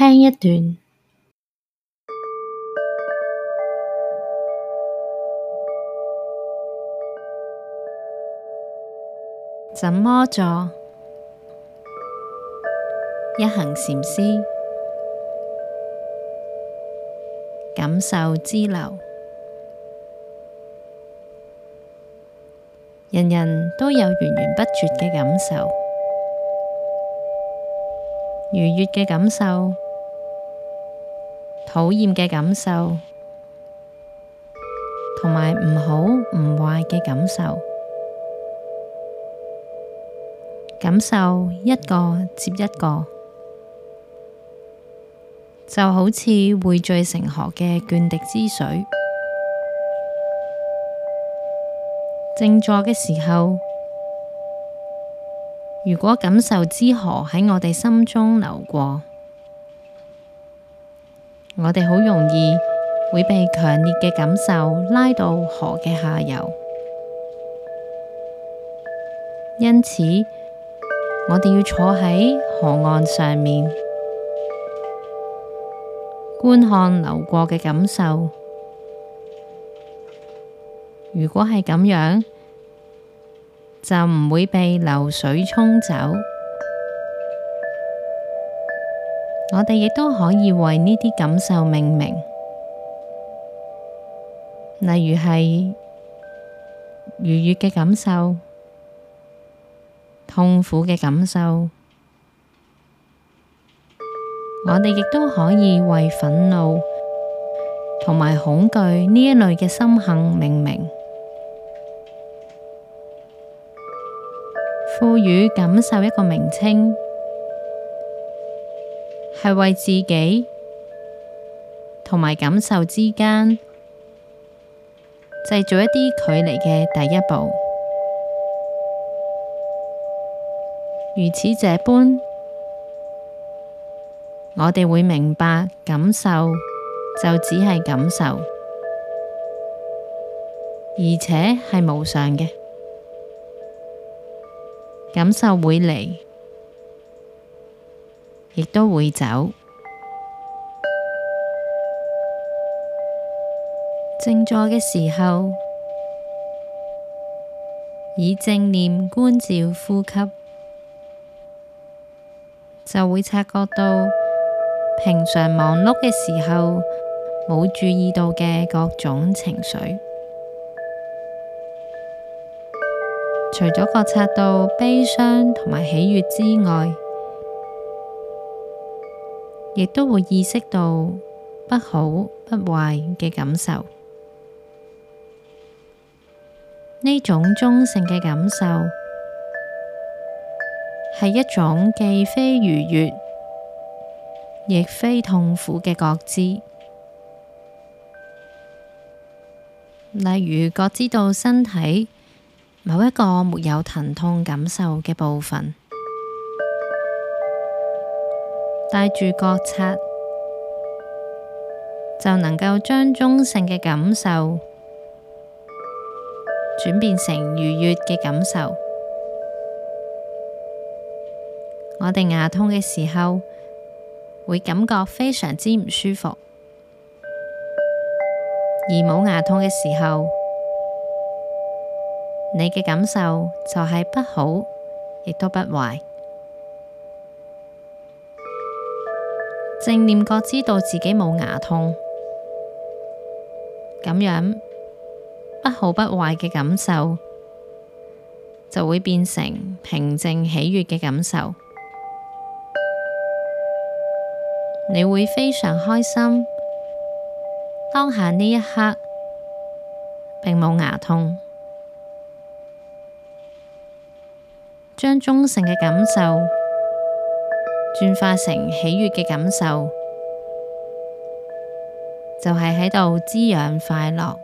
聽一段，怎麼做，一行禪師感受之流，人人都有源源不絕嘅感受，愉悅嘅感受。討厭嘅感受，同埋唔好唔壞嘅感受，感受一個接一個，就好似匯聚成河嘅涓滴之水。靜坐嘅時候，如果感受之河喺我哋心中流過。我哋好容易會被強烈嘅感受拉到河嘅下游，因此我哋要坐喺河岸上面觀看流過嘅感受。如果係咁樣，就唔會被流水沖走。我哋亦都可以為呢啲感受命名，例如係愉悅嘅感受、痛苦嘅感受。我哋亦都可以為憤怒同埋恐懼呢一類嘅心行命名，賦予感受一個名稱。係為自己同埋感受之間製造一啲距離嘅第一步，如此這般，我哋會明白感受就只係感受，而且係無常嘅。感受會嚟。亦都會走。靜坐嘅時候，以正念觀照呼吸，就會察覺到平常忙碌嘅時候冇注意到嘅各種情緒。除咗覺察到悲傷同埋喜悅之外，亦都會意識到不好不壞嘅感受。呢種中性嘅感受係一種既非愉悅亦非痛苦嘅覺知，例如覺知到身體某一個沒有疼痛感受嘅部分。帶住覺察，就能夠將中性嘅感受轉變成愉悦嘅感受。我哋牙痛嘅時候，會感覺非常之唔舒服，而冇牙痛嘅時候，你嘅感受就係不好，亦都不壞。正念覺知道自己冇牙痛，咁樣不好不壞嘅感受就會變成平靜喜悅嘅感受，你會非常開心。當下呢一刻並冇牙痛，將中性嘅感受。轉化成喜悅嘅感受，就係喺度滋養快樂。